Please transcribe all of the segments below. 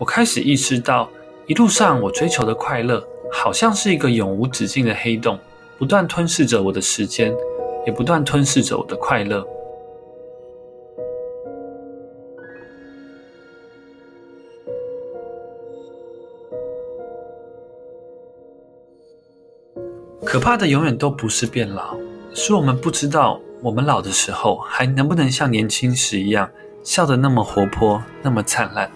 我開始意識到，一路上我追求的快樂，好像是一個永無止境的黑洞，不斷吞噬着我的時間，也不斷吞噬着我的快樂。可怕的永遠都不是變老，是我們不知道我們老的時候還能不能像年輕時一樣，笑得那麼活潑，那麼燦爛。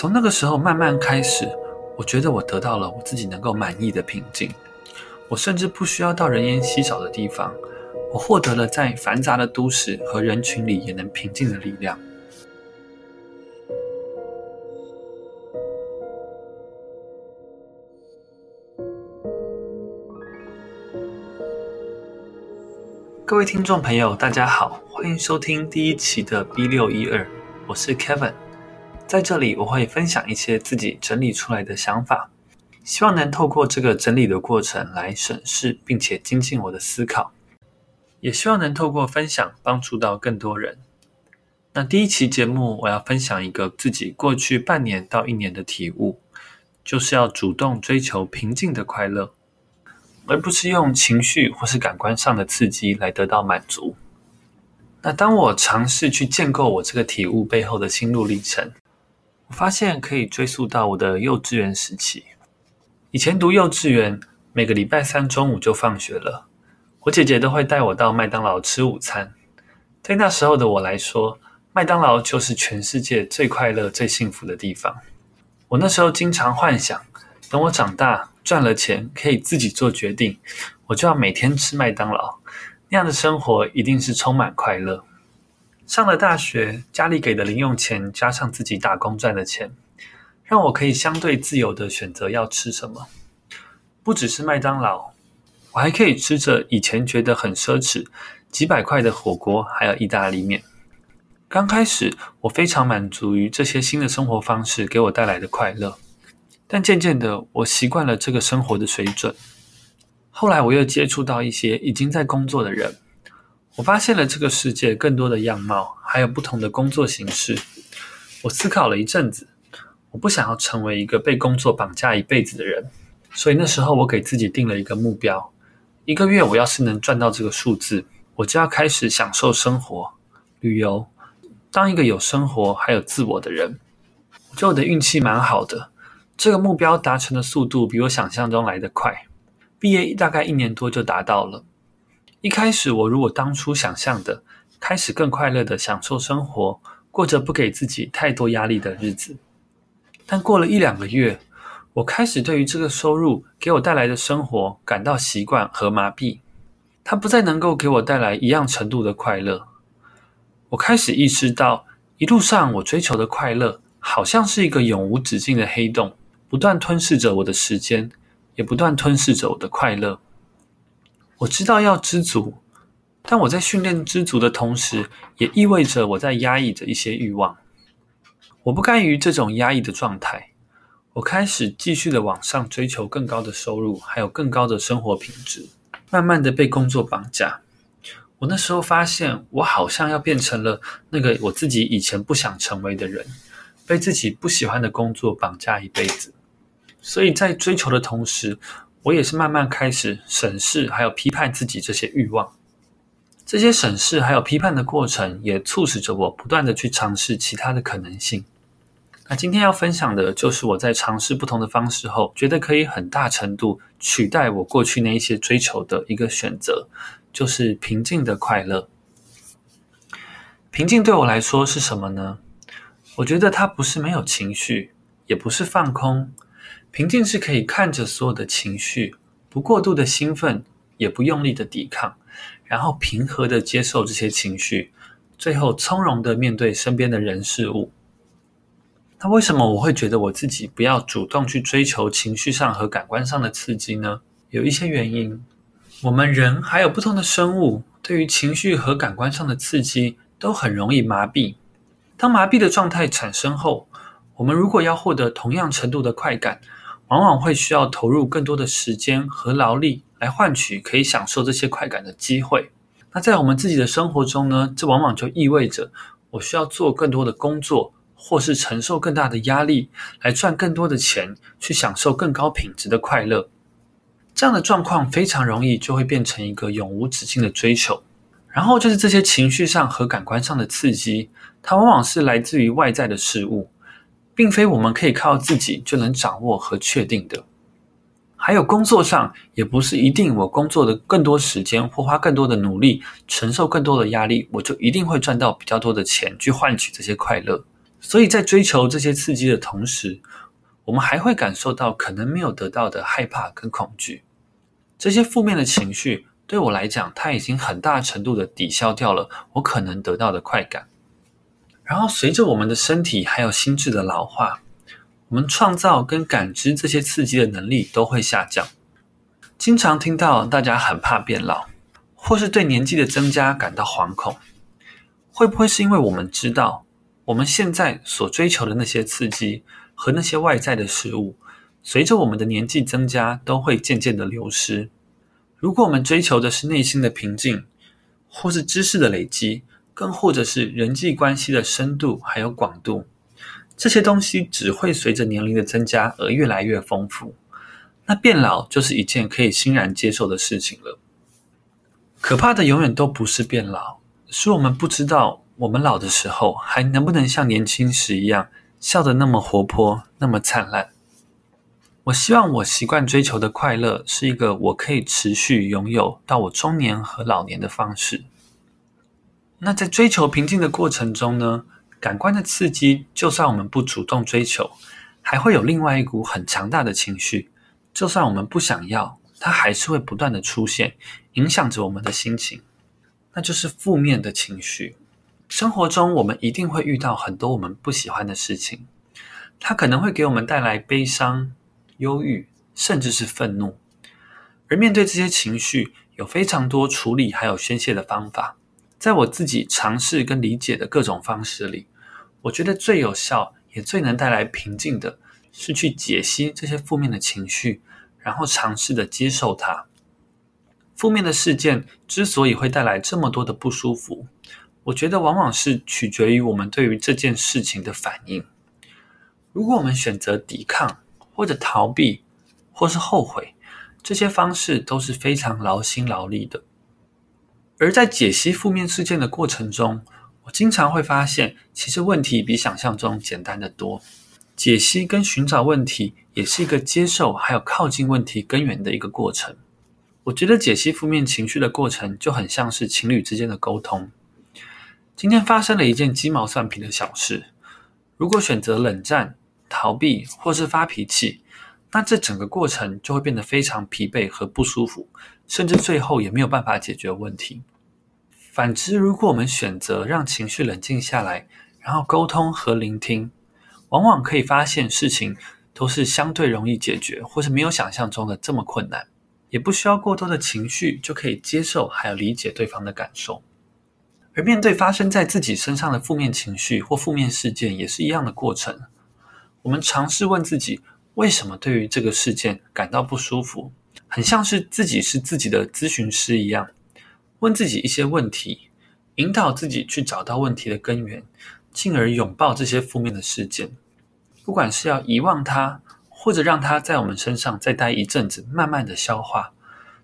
從那個時候慢慢開始，我覺得我得到了我自己能夠滿意的平靜。我甚至不需要到人煙稀少的地方，我獲得了在繁雜的都市和人群裡也能平靜的力量。各位聽眾朋友，大家好，歡迎收聽第一期的 B612，我是 Kevin。在這裡，我會分享一些自己整理出來的想法，希望能透過這個整理的過程來審視，並且精進我的思考，也希望能透過分享幫助到更多人。那第一期節目，我要分享一個自己過去半年到一年的體悟，就是要主動追求平靜的快樂，而不是用情緒或是感官上的刺激來得到滿足。那當我嘗試去建構我這個體悟背後的心路歷程。我發現可以追溯到我的幼稚園時期。以前讀幼稚園，每個禮拜三中午就放學了，我姐姐都會帶我到麥當勞吃午餐。對那時候的我來說，麥當勞就是全世界最快樂、最幸福的地方。我那時候經常幻想，等我長大賺了錢，可以自己做決定，我就要每天吃麥當勞，那樣的生活一定是充滿快樂。上了大學，家裡給的零用錢加上自己打工賺的錢，讓我可以相對自由的選擇要吃什麼。不只是麥當勞，我還可以吃着以前覺得很奢侈、幾百塊的火鍋，還有意大利麵。剛開始，我非常滿足於這些新的生活方式給我帶來的快樂，但漸漸的，我習慣了這個生活的水準。後來，我又接觸到一些已經在工作的人。我發現了這個世界更多的樣貌，還有不同的工作形式。我思考了一陣子，我不想要成為一個被工作綁架一輩子的人，所以那時候我給自己定了一個目標：一個月我要是能賺到這個數字，我就要開始享受生活、旅遊，當一個有生活還有自我的人。我覺得我的運氣蠻好的，這個目標達成的速度比我想象中來得快，畢業大概一年多就達到了。一開始，我如我當初想象的，開始更快樂地享受生活，過着不給自己太多壓力的日子。但過了一兩個月，我開始對於這個收入給我帶來的生活感到習慣和麻痹，它不再能夠給我帶來一樣程度的快樂。我開始意識到，一路上我追求的快樂，好像是一個永無止境的黑洞，不斷吞噬着我的時間，也不斷吞噬着我的快樂。我知道要知足，但我在訓練知足的同時，也意味着我在壓抑着一些慾望。我不甘於這種壓抑的狀態，我開始繼續的往上追求更高的收入，還有更高的生活品質，慢慢的被工作綁架。我那時候發現，我好像要變成了那個我自己以前不想成為的人，被自己不喜歡的工作綁架一輩子。所以在追求的同時，我也是慢慢開始審視，還有批判自己這些慾望。這些審視還有批判的過程，也促使着我不斷地去嘗試其他的可能性。那今天要分享的，就是我在嘗試不同的方式後，覺得可以很大程度取代我過去那一些追求的一個選擇，就是平靜的快樂。平靜對我來說是什麼呢？我覺得它不是沒有情緒，也不是放空。平靜是可以看着所有的情緒，不過度的興奮，也不用力的抵抗，然後平和的接受這些情緒，最後從容的面對身邊的人事物。那為什麼我會覺得我自己不要主動去追求情緒上和感官上的刺激呢？有一些原因。我們人還有不同的生物，對於情緒和感官上的刺激都很容易麻痹。當麻痹的狀態產生後，我們如果要獲得同樣程度的快感，往往會需要投入更多的時間和勞力來換取可以享受這些快感的機會。那在我們自己的生活中呢？這往往就意味着我需要做更多的工作，或是承受更大的壓力，來賺更多的錢，去享受更高品質的快樂。這樣的狀況非常容易就會變成一個永無止境的追求。然後就是這些情緒上和感官上的刺激，它往往是來自於外在的事物。並非我們可以靠自己就能掌握和確定的。還有工作上，也不是一定我工作的更多時間或花更多的努力，承受更多的壓力，我就一定會賺到比較多的錢去換取這些快樂。所以在追求這些刺激的同時，我們還會感受到可能沒有得到的害怕跟恐懼。這些負面的情緒對我來講，它已經很大程度的抵消掉了我可能得到的快感。然後，隨着我們的身體還有心智的老化，我們創造跟感知這些刺激的能力都會下降。經常聽到大家很怕變老，或是對年紀的增加感到惶恐，會不會是因為我們知道我們現在所追求的那些刺激和那些外在的事物，隨着我們的年紀增加都會漸漸的流失？如果我們追求的是內心的平靜，或是知識的累積。更或者是人際關係的深度還有廣度，這些東西只會隨着年齡的增加而越來越豐富。那變老就是一件可以欣然接受的事情了。可怕的永遠都不是變老，是我們不知道我們老的時候還能不能像年輕時一樣笑得那麼活潑，那麼燦爛。我希望我習慣追求的快樂是一個我可以持續擁有到我中年和老年的方式。那在追求平靜的過程中呢，感官的刺激，就算我們不主動追求，還會有另外一股很強大的情緒。就算我們不想要，它還是會不斷的出現，影響着我們的心情。那就是負面的情緒。生活中我們一定會遇到很多我們不喜歡的事情，它可能會給我們帶來悲傷、憂鬱，甚至是憤怒。而面對這些情緒，有非常多處理還有宣洩的方法。在我自己嘗試跟理解的各種方式裡，我覺得最有效也最能帶來平靜的是去解析這些負面的情緒，然後嘗試的接受它。負面的事件之所以會帶來這麼多的不舒服，我覺得往往是取決於我們對於這件事情的反應。如果我們選擇抵抗或者逃避，或是後悔，這些方式都是非常勞心勞力的。而在解析負面事件的過程中，我經常會發現，其實問題比想象中簡單得多。解析跟尋找問題，也是一個接受還有靠近問題根源的一個過程。我覺得解析負面情緒的過程，就很像是情侶之間的溝通。今天發生了一件雞毛蒜皮的小事，如果選擇冷戰、逃避或是發脾氣，那這整個過程就會變得非常疲憊和不舒服。甚至最後也沒有辦法解決問題。反之，如果我們選擇讓情緒冷靜下來，然後溝通和聆聽，往往可以發現事情都是相對容易解決，或是沒有想象中的這麼困難，也不需要過多的情緒就可以接受還有理解對方的感受。而面對發生在自己身上的負面情緒或負面事件，也是一樣的過程。我們嘗試問自己，為什麼對於這個事件感到不舒服？很像是自己是自己的諮詢師一樣，問自己一些問題，引導自己去找到問題的根源，進而擁抱這些負面的事件。不管是要遺忘它，或者讓它在我們身上再待一陣子，慢慢的消化，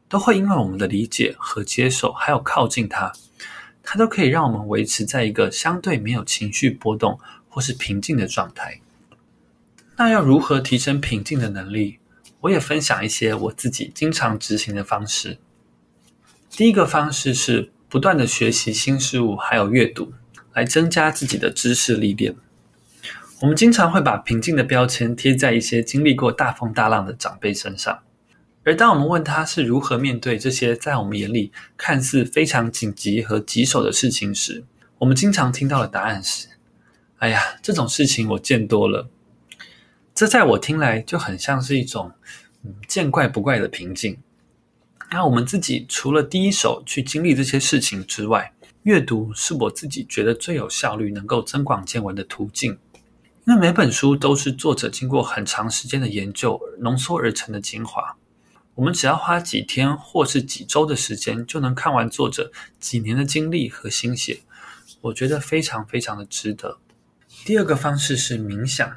都會因為我們的理解和接受，還有靠近它，它都可以讓我們維持在一個相對沒有情緒波動或是平靜的狀態。那要如何提升平靜的能力？我也分享一些我自己經常執行的方式。第一個方式是不斷的學習新事物，還有閱讀，來增加自己的知識歷練。我們經常會把平靜的標籤貼在一些經歷過大風大浪的長輩身上，而當我們問他是如何面對這些在我們眼裡看似非常緊急和棘手的事情時，我們經常聽到的答案是：“哎呀，這種事情我見多了。”這在我聽來就很像是一種，嗯，見怪不怪的平靜。那我們自己除了第一手去經歷這些事情之外，閱讀是我自己覺得最有效率、能夠增廣見聞的途徑。因為每本書都是作者經過很長時間的研究而濃縮而成的精華，我們只要花幾天或是幾周的時間就能看完作者幾年的經歷和心血，我覺得非常非常的值得。第二個方式是冥想。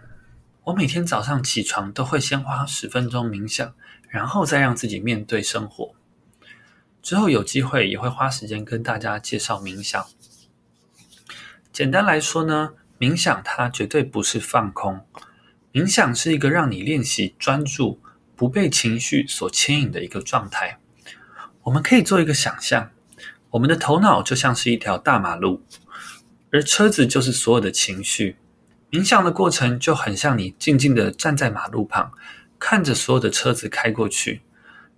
我每天早上起床都會先花十分鐘冥想，然後再讓自己面對生活。之後有機會也會花時間跟大家介紹冥想。簡單來說呢，冥想它絕對不是放空，冥想是一個讓你練習專注、不被情緒所牽引的一個狀態。我們可以做一個想象，我們的頭腦就像是一條大馬路，而車子就是所有的情緒。冥想的過程就很像你靜靜地站在馬路旁，看着所有的車子開過去，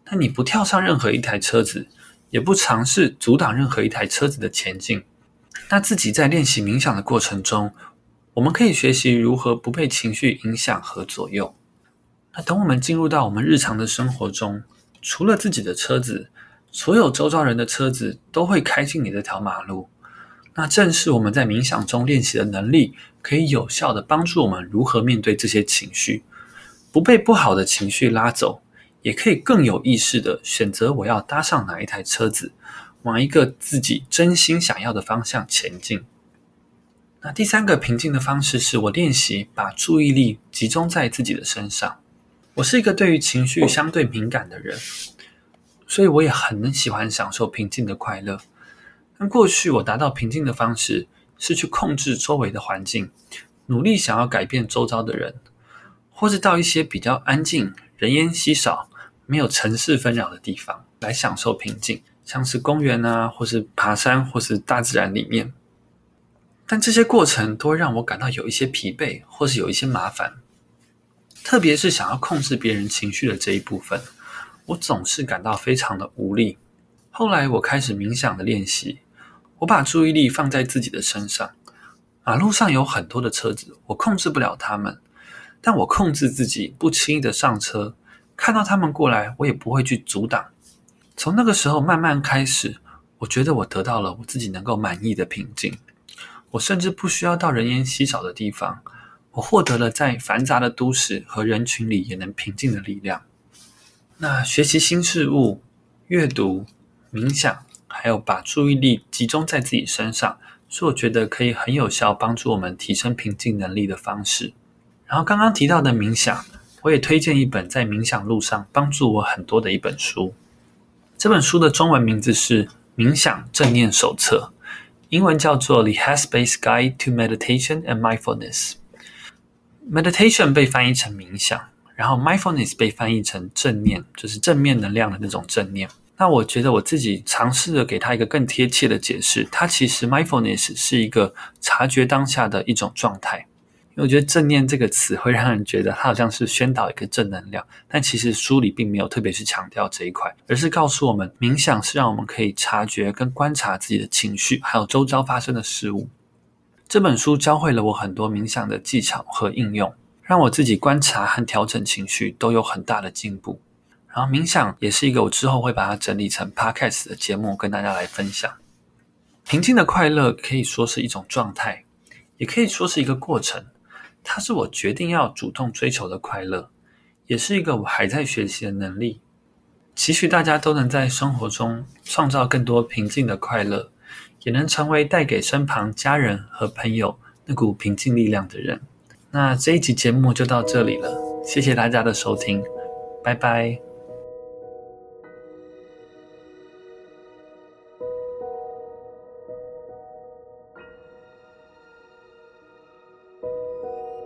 那你不跳上任何一台車子，也不嘗試阻擋任何一台車子的前進。那自己在練習冥想的過程中，我們可以學習如何不被情緒影響和左右。那等我們進入到我們日常的生活中，除了自己的車子，所有周遭人的車子都會開進你這條馬路。那正是我們在冥想中練習的能力，可以有效地幫助我們如何面對這些情緒，不被不好的情緒拉走，也可以更有意識地選擇我要搭上哪一台車子，往一個自己真心想要的方向前進。那第三個平靜的方式是我練習把注意力集中在自己的身上。我是一個對於情緒相對敏感的人，所以我也很喜歡享受平靜的快樂。但過去我達到平靜的方式是去控制周圍的環境，努力想要改變周遭的人，或是到一些比較安靜、人煙稀少、沒有城市紛擾的地方來享受平靜，像是公園啊，或是爬山，或是大自然裡面。但這些過程都會讓我感到有一些疲憊，或是有一些麻煩，特別是想要控制別人情緒的這一部分，我總是感到非常的無力。後來我開始冥想的練習。我把注意力放在自己的身上。馬路上有很多的車子，我控制不了它們，但我控制自己不輕易地上車。看到它們過來，我也不會去阻擋。從那個時候慢慢開始，我覺得我得到了我自己能夠滿意的平靜。我甚至不需要到人煙稀少的地方，我獲得了在繁雜的都市和人群裡也能平靜的力量。那學習新事物、閱讀、冥想，還有把注意力集中在自己身上，是我覺得可以很有效幫助我們提升平靜能力的方式。然後剛剛提到的冥想，我也推薦一本在冥想路上幫助我很多的一本書。這本書的中文名字是《冥想正念手冊》，英文叫做《The Headspace Guide to Meditation and Mindfulness》。meditation 被翻譯成冥想，然後 mindfulness 被翻譯成正念，就是正面能量的那種正念。那我覺得我自己嘗試着給他一個更貼切的解釋，它其實 mindfulness 是一個察覺當下的一種狀態。因為我覺得正念這個詞會讓人覺得它好像是宣導一個正能量，但其實書裡並沒有特別去強調這一塊，而是告訴我們冥想是讓我們可以察覺跟觀察自己的情緒，還有周遭發生的事物。這本書教會了我很多冥想的技巧和應用，讓我自己觀察和調整情緒都有很大的進步。然後冥想也是一個，我之後會把它整理成 podcast 的節目跟大家來分享。平靜的快樂可以說是一種狀態，也可以說是一個過程。它是我決定要主動追求的快樂，也是一個我還在學習的能力。期許大家都能在生活中創造更多平靜的快樂，也能成為帶給身旁家人和朋友那股平靜力量的人。那這一集節目就到這裡了，謝謝大家的收聽，拜拜。